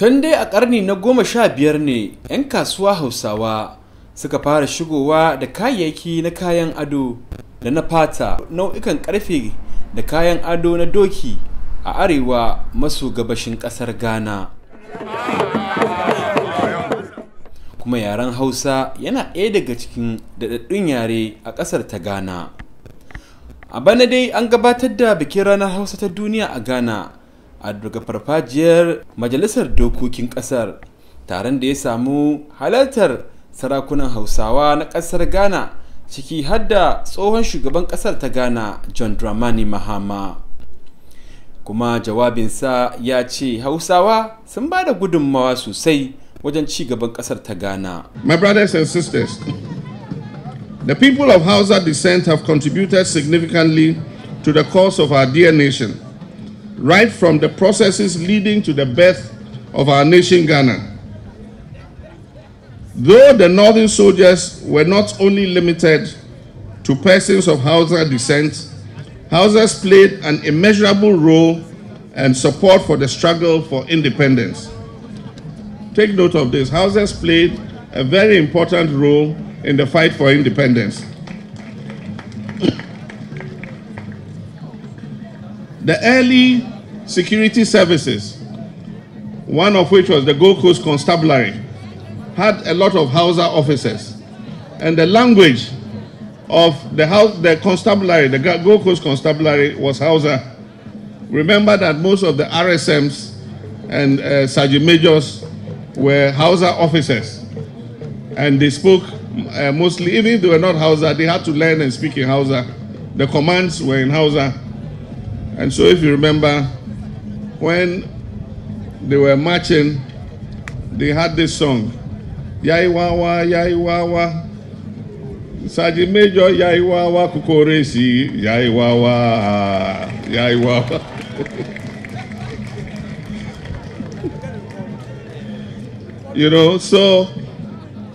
tun dai a ƙarni na goma sha biyar ne 'yan kasuwa hausawa suka fara shigowa da kayayyaki na kayan ado da na fata nau'ikan ƙarfe da kayan ado na doki a arewa maso gabashin ƙasar ghana kuma yaren hausa yana ɗaya daga cikin daɗaɗɗun yare a ƙasar ta ghana a bana dai an gabatar da bikin ranar hausa ta duniya a ghana a daga farfajiyar majalisar dokokin kasar taron da ya samu halartar sarakunan hausawa na kasar ghana ciki har da tsohon shugaban kasar ta ghana john dramani mahama kuma jawabinsa ya ce hausawa sun ba da gudunmawa sosai wajen ci gaban kasar ta ghana my brothers and sisters the people of hausa descent have contributed significantly to the cause of our dear nation right from the processes leading to the birth of our nation, Ghana. Though the northern soldiers were not only limited to persons of Hausa descent, Hausas played an immeasurable role and support for the struggle for independence. Take note of this. Hausas played a very important role in the fight for independence. the early security services, one of which was the Gold Coast Constabulary, had a lot of Hausa officers. And the language of the house, the constabulary, the Gold Coast Constabulary was Hausa. Remember that most of the RSMs and uh, sergeant majors were Hausa officers. And they spoke uh, mostly, even if they were not Hausa, they had to learn and speak in Hausa. The commands were in Hausa. And so if you remember, when they were marching, they had this song, Yaiwawa, Yaiwawa. Sergeant Major Yaiwawa Kukoresi, Yaiwawa, Yaiwawa. you know, so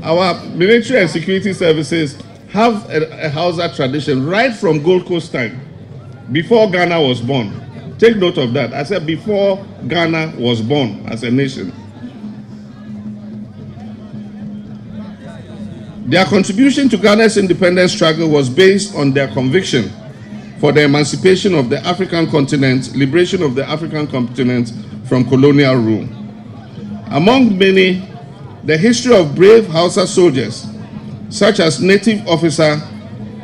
our military and security services have a, a Hausa tradition right from Gold Coast time, before Ghana was born. Take note of that. I said before Ghana was born as a nation. Their contribution to Ghana's independence struggle was based on their conviction for the emancipation of the African continent, liberation of the African continent from colonial rule. Among many, the history of brave Hausa soldiers, such as native officer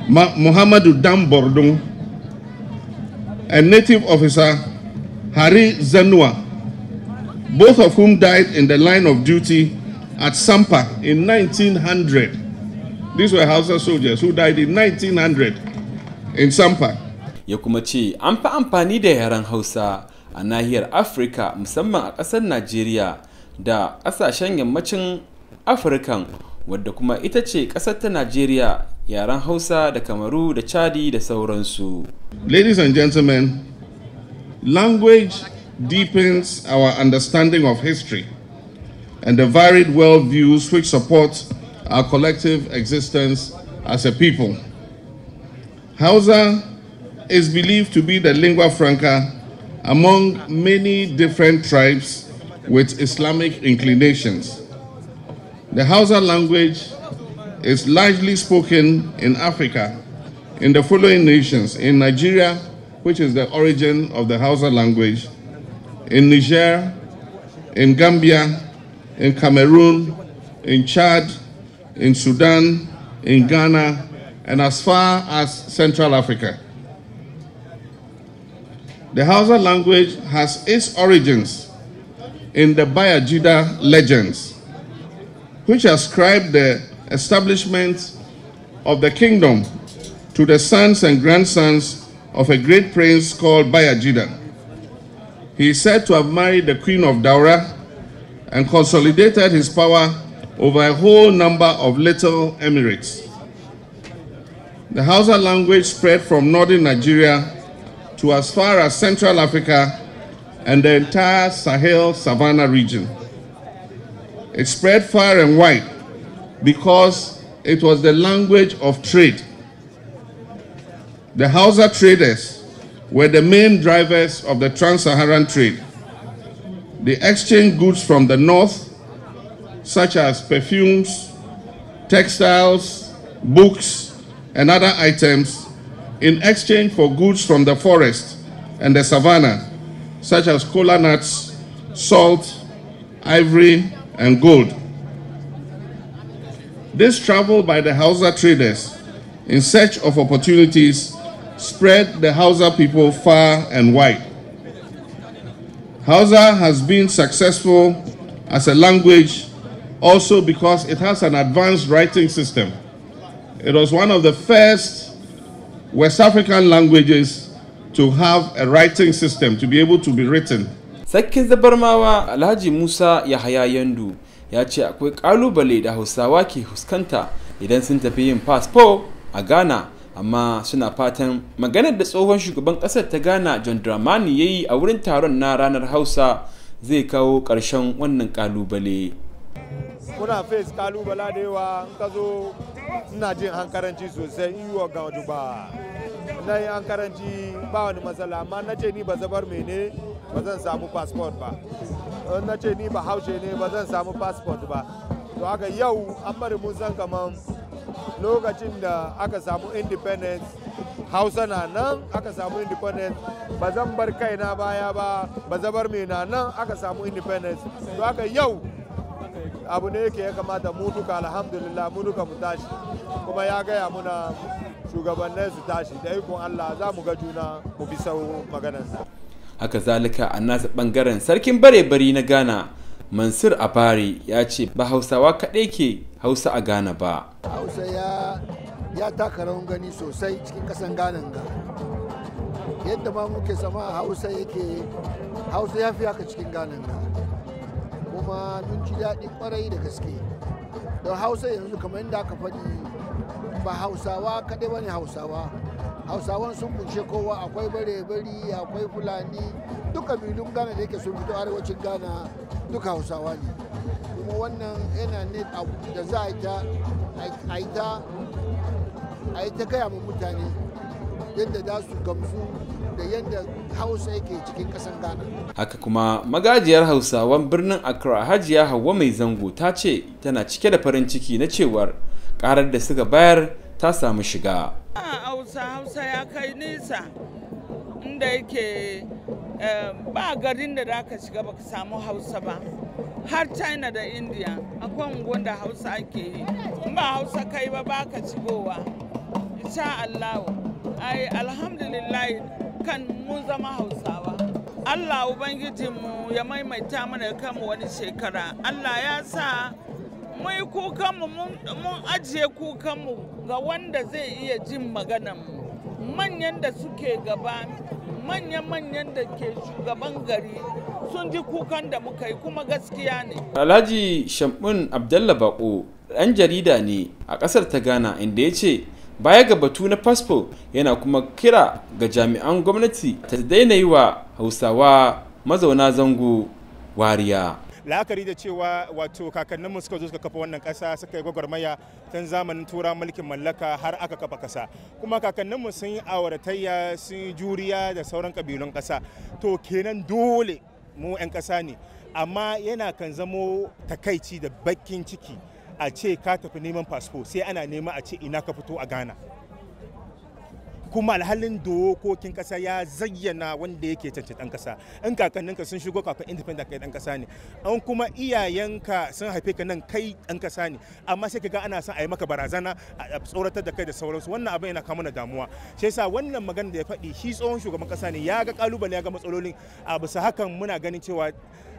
Muhammadu Dambordung, and native officer Hari Zanua, both of whom died in the line of duty at Sampa in 1900. These were Hausa soldiers who died in 1900 in Sampa. Ya kuma ce an fi amfani da yaren Hausa a nahiyar Afirka musamman a ƙasar Najeriya da ƙasashen yammacin Afirkan wadda kuma ita ce ƙasar ta Najeriya yaren Hausa da Kamaru da Chadi da sauransu. Ladies and gentlemen, language deepens our understanding of history and the varied worldviews which support our collective existence as a people. Hausa is believed to be the lingua franca among many different tribes with Islamic inclinations. The Hausa language is largely spoken in Africa in the following nations. In Nigeria, which is the origin of the Hausa language, in Niger, in Gambia, in Cameroon, in Chad, in Sudan, in Ghana, and as far as Central Africa. The Hausa language has its origins in the Bayajida legends which ascribed the establishment of the kingdom to the sons and grandsons of a great prince called Bayajida. He is said to have married the queen of Daura and consolidated his power over a whole number of little emirates. The Hausa language spread from northern Nigeria to as far as Central Africa and the entire Sahel savanna region. It spread far and wide because it was the language of trade. The Hausa traders were the main drivers of the trans-Saharan trade. They exchanged goods from the north, such as perfumes, textiles, books, and other items in exchange for goods from the forest and the savannah, such as cola nuts, salt, ivory, and gold. This travel by the Hausa traders in search of opportunities spread the Hausa people far and wide. Hausa has been successful as a language also because it has an advanced writing system. It was one of the first West African languages to have a writing system, to be able to be written. sarkin zabarmawa alhaji musa yahaya yandu ya ce akwai kalubale da hausawa ke huskanta idan sun tafi yin fasfo a ghana amma suna fatan maganar da tsohon shugaban kasar ta ghana john dramani ya yi a wurin taron na ranar hausa zai kawo ƙarshen wannan kalubale muna face kalubala da yawa in ka zo ina jin hankaranci sosai in wa ba na yi hankaranci ba wani matsala amma na ce ni ba zabar mene ba zan samu passport ba in na ce ni ba haushe ne ba zan samu passport ba to haka yau an bari mun san kaman lokacin da aka samu independence hausa na nan aka samu independence ba zan bar kaina baya ba ba zabar mai na nan aka samu independence to haka yau abu ne yake ya kamata mu duka alhamdulillah mu duka mu tashi kuma ya gaya muna shugabannin su tashi da ikon allah za mu ga juna mu bi sau maganarsa haka zalika a nasa bangaren sarkin bare-bari na ghana mansur abari ya ce ba hausawa kaɗai ke hausa a ghana ba hausa ya taka rawan gani sosai cikin ƙasan ghana ga yadda ma muke sama hausa yake hausa ya fi haka cikin ghana ga kuma mun ji daɗi ƙwarai da gaske don hausa yanzu kamar yadda aka faɗi ba hausawa kaɗai ba ne hausawa hausawan sun kunshe kowa akwai bare-bari akwai fulani duk kabilun ghana da yake sun fito arewacin gana duka hausawa ne kuma wannan yana ne da za a yi ta a yi ta gaya ma mutane yadda za su gamsu da yadda hausa yake cikin ƙasar ghana haka kuma magajiyar hausawan birnin accra hajiya hawa mai zango ta ce tana cike da farin ciki na cewar karar da suka bayar ta samu shiga ah, hausa hausa ya kai nisa inda yake eh, ba garin da zaka shiga baka samu hausa ba har china da india akwai unguwan da hausa ake yi ba hausa kai ba baka shigowa insha allahu ai alhamdulillah kan mu zama hausawa allah mu ya maimaita mana kan wani shekara allah ya sa mun yi kukanmu mun ajiye kukanmu ga wanda zai iya jin maganarmu manyan da suke gaba manyan manyan da ke shugaban gari sun ji kukan da muka yi kuma gaskiya ne alhaji shamun abdalla bako ɗan jarida ne a ƙasar ta ghana inda ya ce baya ga batu na fasfo yana kuma kira ga jami'an gwamnati ta daina yi wa hausawa mazauna zango wariya la'akari da cewa wato kakanninmu suka zo suka kafa wannan kasa suka yi gwagwarmaya tun zamanin tura mulkin mallaka har aka kafa kasa kuma kakanninmu sun yi auratayya sun yi juriya da sauran kabilun kasa to kenan dole mu 'yan ƙasa ne amma yana kan zamo takaici da bakin ciki a ce ka tafi neman fasfo sai ana nema a ce ina ka fito a ghana kuma alhalin dokokin kasa ya zayyana wanda yake cancanci dan kasa in kakanninka sun shigo kafin independent kai dan kasa ne an kuma iyayenka sun haife ka nan kai dan kasa ne amma sai ga ana son a yi maka barazana a tsoratar da kai da sauransu wannan abin yana kama da damuwa shi yasa wannan magana da ya faɗi shi tsohon shugaban kasa ne ya ga kalubale ya ga matsalolin a bisa hakan muna ganin cewa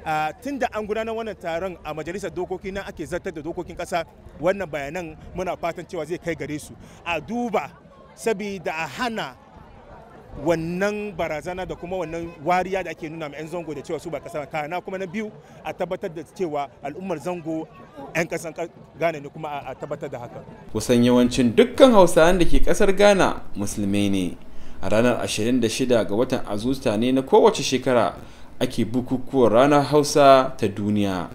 Uh, tun da an gudanar wannan taron a majalisar dokoki na ake zartar da dokokin kasa wannan bayanan muna fatan cewa zai kai gare su a duba saboda a hana wannan barazana da kuma wannan wariya da ake nuna ma 'yan zango da cewa su ba kasa kana kuma na biyu a tabbatar da cewa al'ummar zango 'yan kasan gane ne kuma a tabbatar da haka kusan yawancin dukkan hausawan da ke kasar ghana musulmai ne a ranar 26 ga watan azusta ne na kowace shekara ake bukukuwan ranar hausa ta duniya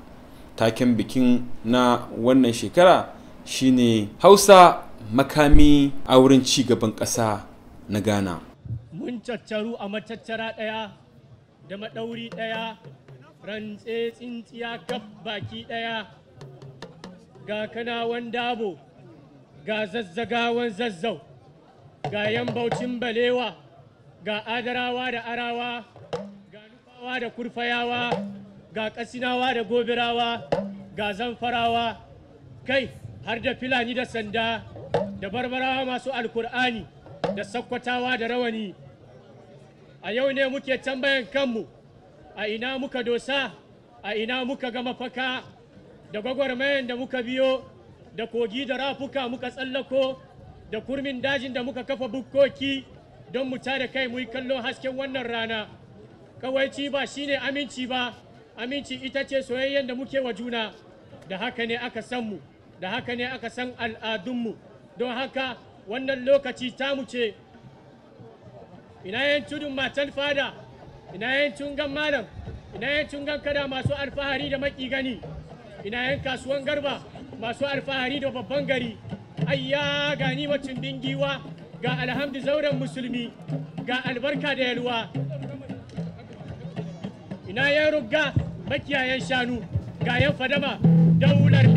taken bikin na wannan shekara shine hausa makami a wurin ci gaban ƙasa na ghana mun caccaru a macaccara ɗaya da maɗauri ɗaya rantse tsintsiya kaf baki ɗaya ga kanawan dabo ga zazzagawan zazzau ga yan baucin balewa ga adarawa da arawa ga nufawa da kurfayawa ga kasinawa da gobirawa ga zamfarawa kai har da filani da sanda da barbarawa masu alkur'ani da sakkwatawa da rawani a yau ne muke tambayan kanmu a ina muka dosa a ina muka ga mafaka da gwagwarmayan da muka biyo da kogi da rafuka muka tsallako da kurmin dajin da muka kafa bukkoki don mu tare kai mu yi kallo hasken wannan rana kawaici ba shine aminci ba aminci ita ce soyayyen da muke wa juna da haka ne aka san mu da haka ne aka san al'adunmu don haka wannan lokaci ta ce ina yancin matan fada ina yancin gan malam ina yancin gan kada masu alfahari da maki gani ina yan kasuwan garba masu alfahari da babban gari ayya gani macin bingiwa ga alhamdu zauren musulmi ga albarka da yalwa ina yan rugga makiyayan shanu ga yan fadama daular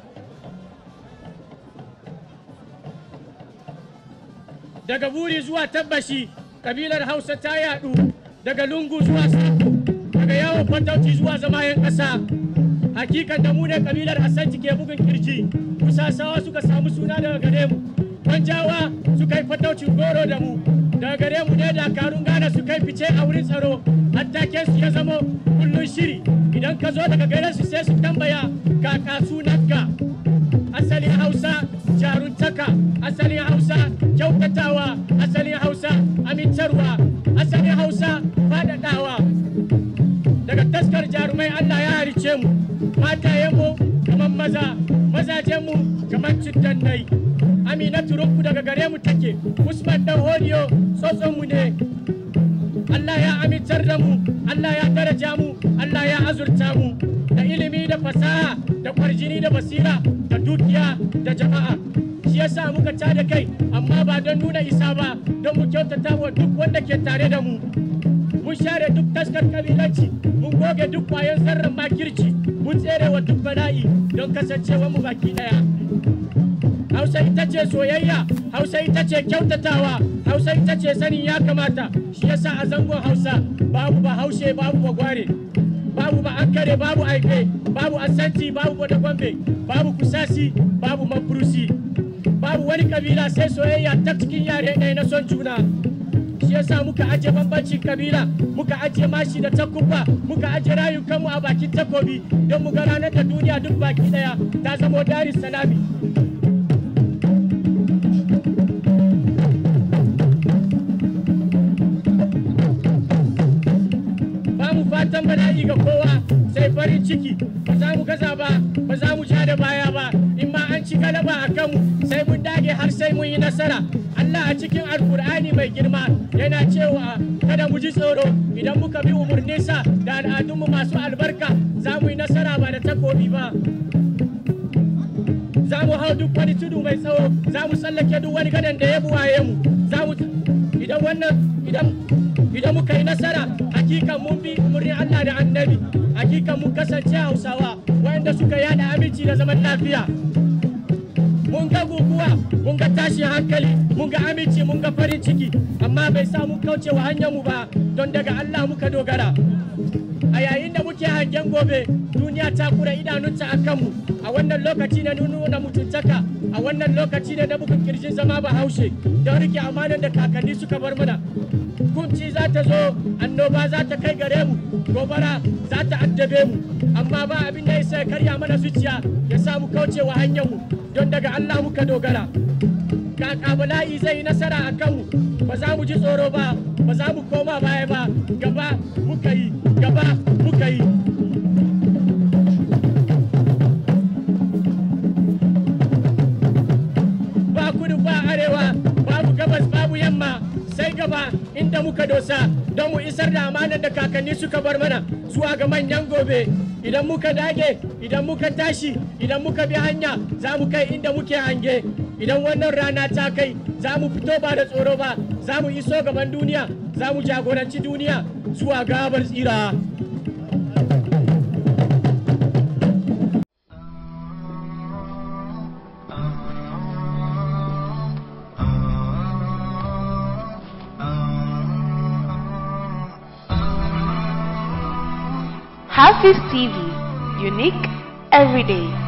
daga buri zuwa tabbashi kabilar hausa ta yadu daga lungu zuwa saku daga yawon fantauci zuwa zama yan ƙasa hakikan da mu ne kabilar hassanci ke bugun kirji kusasawa suka samu suna daga gare mu jawa suka yi fantauci goro da mu daga gare mu ne dakarun gana su kai fice a wurin tsaro hattaken su ya zama kullum shiri idan ka zo daga gare su sai su tambaya kaka sunanka asalin hausa jaruntaka asalin hausa kyautatawa asalin hausa amintarwa asalin hausa faɗaɗawa daga taskar jarumai allah ya harice mu matayenmu kamar maza mazajenmu kamar nai aminatu rukku daga gare mu take usman dan horiyo tsotsonmu ne Allah ya amintar da mu Allah ya daraja mu Allah ya azurta mu da ilimi da fasaha da kwarjini da basira da dukiya da jama'a shi yasa muka da kai amma ba don nuna isa ba don mu kyautata wa duk wanda ke tare da mu mun share duk taskar kabilanci mun goge duk kwayan sarran makirci mun tsere wa duk bala'i don kasancewa mu baki daya hausa ita ce soyayya hausa ita ce kyautatawa hausa ita ce sanin ya kamata shi yasa a zangon hausa babu ba haushe babu ba gware babu ba kare babu aike babu asanti babu ba dagwambe babu kusasi babu mafurusi babu wani kabila sai soyayya ta cikin yare ɗaya na son juna shi yasa muka aje bambancin kabila muka aje mashi da takuba muka aje rayukanmu a bakin takobi don mu ga ranar da duniya duk baki ɗaya ta zamo darin salami da kowa sai farin ciki ba za mu gaza ba ba za mu ja da baya ba in ma an ci galaba a kanmu sai mun dage har sai mun yi nasara Allah a cikin alkur'ani mai girma yana cewa kada mu ji tsoro idan muka bi sa da al'adunmu masu albarka za mu yi nasara ba da takobi ba za mu hau duk wani tudu mai tsawo za mu tsallake duk wani gadon da ya buwaye mu za mu idan wannan idan idan muka yi nasara hakikan mun bi murni Allah da annabi hakikan mun kasance Hausawa wayanda suka yada aminci da zaman lafiya mun ga guguwa mun ga tashin hankali mun ga aminci mun ga farin ciki amma bai sa mun kauce wa hanyar mu ba don daga Allah muka dogara a yayin da muke hangen gobe duniya ta kura idanunta akanmu, a wannan lokaci na nuna mutuntaka a wannan lokaci da na bugun kirjin zama bahaushe don rike amanar da kakanni suka bar mana kunci za ta zo annoba za ta kai gare mu gobara za ta addabe mu amma ba abin da ya karya mana zuciya ya samu kaucewa hanyar mu don daga Allah muka dogara kaka bala'i zai yi nasara a kanmu ba za mu ji tsoro ba ba za mu koma baya ba gaba muka yi gaba muka yi inda muka dosa don mu isar da amanar da kakanni suka bar mana zuwa ga manyan gobe idan muka dage idan muka tashi idan muka bi hanya za mu kai inda muke hange idan wannan rana ta kai za mu fito ba da tsoro ba za mu iso gaban duniya za mu jagoranci duniya zuwa gabar tsira. Office TV, unique every day.